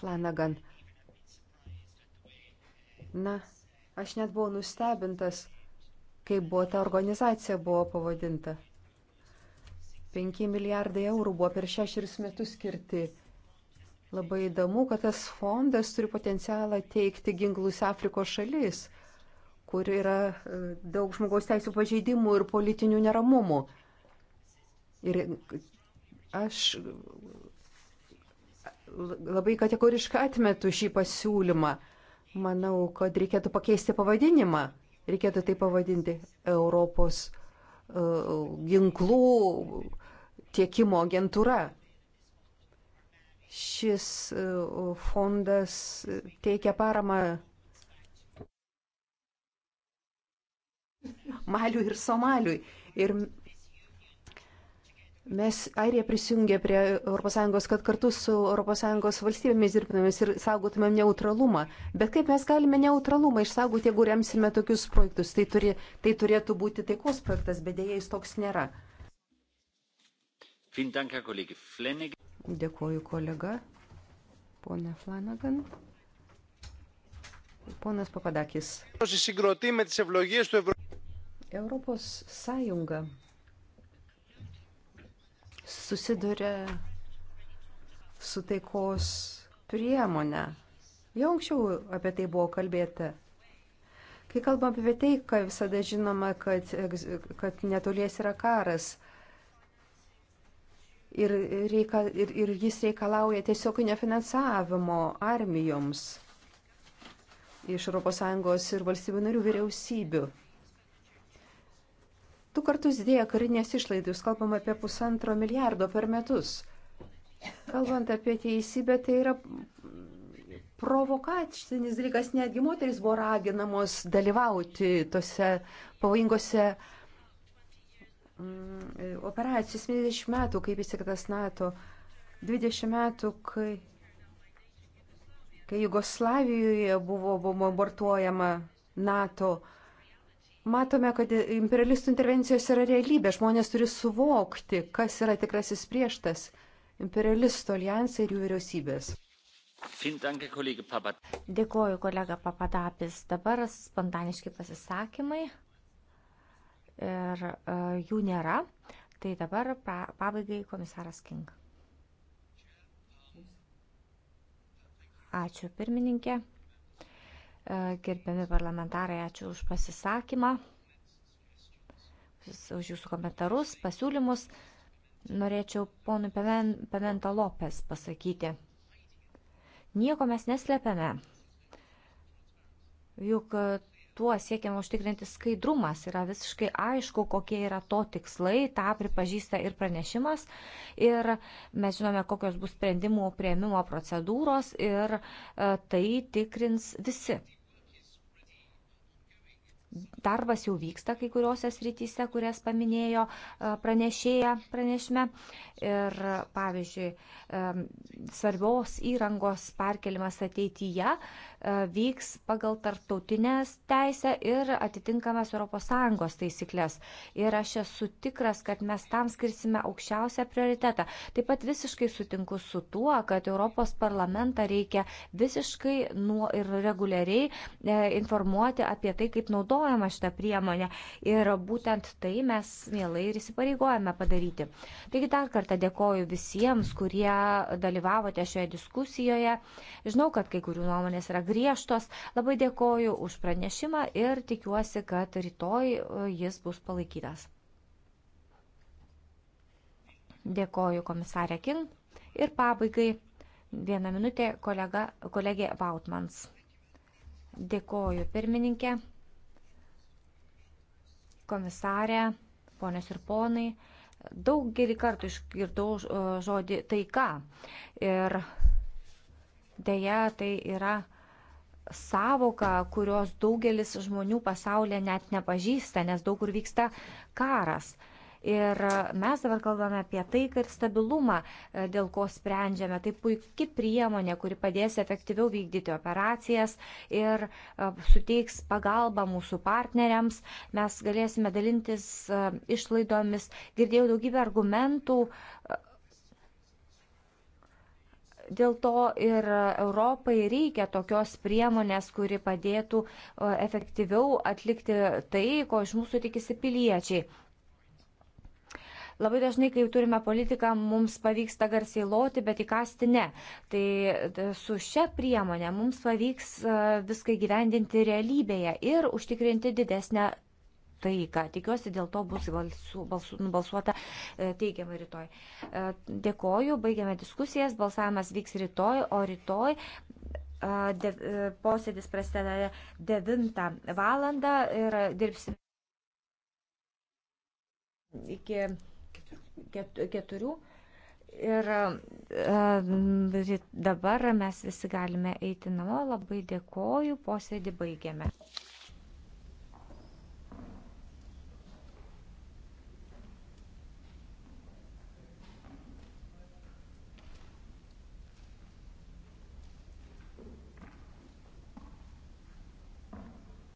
Flanagan. Na, aš net buvau nustebintas, kaip buvo ta organizacija buvo pavadinta. 5 milijardai eurų buvo per šešerius metus skirti. Labai įdomu, kad tas fondas turi potencialą teikti ginklus Afrikos šalis, kur yra e, daug žmogaus teisų pažeidimų ir politinių neramumų. Ir aš labai kategoriškai atmetu šį pasiūlymą. Manau, kad reikėtų pakeisti pavadinimą. Reikėtų tai pavadinti Europos uh, ginklų tiekimo agentūra. Šis uh, fondas teikia paramą Maliui ir Somaliui. Ir Mes Airija prisijungė prie ES, kad kartu su ES valstybėmis dirbtumėmis ir saugotumėm neutralumą. Bet kaip mes galime neutralumą išsaugoti, jeigu remsime tokius projektus? Tai, turi, tai turėtų būti taikos projektas, bet dėja jis toks nėra. Dėkuoju kolega, ponė Flanagan. Ponas Papadakis. Europos Sąjunga susiduria su taikos priemonė. Jau anksčiau apie tai buvo kalbėta. Kai kalbam apie taiką, visada žinoma, kad, kad netolies yra karas. Ir, reika, ir, ir jis reikalauja tiesioginio finansavimo armijoms iš ES ir valstybių narių vyriausybių. Du kartus didėja karinės išlaidus, kalbam apie pusantro milijardo per metus. Kalbant apie teisybę, tai yra provokacinis dalykas, netgi moteris buvo raginamos dalyvauti tose pavojingose mm, operacijos 20 metų, kaip įsiktas NATO, 20 metų, kai, kai Jugoslavijoje buvo bombarduojama NATO. Matome, kad imperialistų intervencijos yra realybė. Žmonės turi suvokti, kas yra tikrasis prieštas - imperialistų alijansai ir jų vyriausybės. Dėkuoju, kolega Papadapis. Dabar spontaniški pasisakymai ir uh, jų nėra. Tai dabar pra, pabaigai komisaras King. Ačiū pirmininkė. E, gerbiami parlamentarai, ačiū už pasisakymą, už jūsų komentarus, pasiūlymus. Norėčiau ponui Pimenta Lopes pasakyti. Nieko mes neslepiame. Juk tuo siekiama užtikrinti skaidrumas, yra visiškai aišku, kokie yra to tikslai, tą pripažįsta ir pranešimas. Ir mes žinome, kokios bus sprendimų prieimimo procedūros ir e, tai tikrins visi. Darbas jau vyksta kai kuriuose srityse, kurias paminėjo e, pranešėja pranešme. Ir pavyzdžiui, e, svarbios įrangos perkelimas ateityje E, vyks pagal tarptautinės teisę ir atitinkamas ES taisyklės. Ir aš esu tikras, kad mes tam skirsime aukščiausią prioritetą. Taip pat visiškai sutinku su tuo, kad Europos parlamentą reikia visiškai nuo ir reguliariai e, informuoti apie tai, kaip naudojama šitą priemonę. Ir būtent tai mes mielai ir įsipareigojame padaryti. Taigi dar kartą dėkoju visiems, kurie dalyvavote šioje diskusijoje. Žinau, kad kai kurių nuomonės yra griežtos. Labai dėkoju už pranešimą ir tikiuosi, kad rytoj e, jis bus palaikytas. Dėkoju komisarė Kin. Ir pabaigai vieną minutę kolega, kolegė Bautmans. Dėkoju pirmininkė, komisarė, ponios ir ponai. Daugelį kartų išgirdau e, žodį taika. Ir dėja tai yra savoką, kurios daugelis žmonių pasaulyje net nepažįsta, nes daug kur vyksta karas. Ir e, mes dabar kalbame apie taiką ir stabilumą, e, dėl ko sprendžiame. Tai puikia priemonė, kuri padės efektyviau vykdyti operacijas ir e, suteiks pagalbą mūsų partneriams. Mes galėsime dalintis išlaidomis. Girdėjau daugybę argumentų Dėl to ir Europai reikia tokios priemonės, kuri padėtų e, efektyviau atlikti tai, ko iš mūsų tikisi piliečiai. Labai dažnai, kai turime politiką, mums pavyksta garsiai loti, bet įkasti ne. Tai su šia priemonė mums pavyks e, viską gyvendinti realybėje ir užtikrinti didesnę taiką. Tikiuosi, dėl to bus balsu, balsu, nubalsuota e, teigiamai rytoj. E, dėkoju, baigiame diskusijas, balsavimas vyks rytoj, o rytoj e, posėdis prasideda 9 val. ir dirbsime iki 4. Ir dabar mes visi galime eiti namo. Labai dėkoju, posėdį baigiame.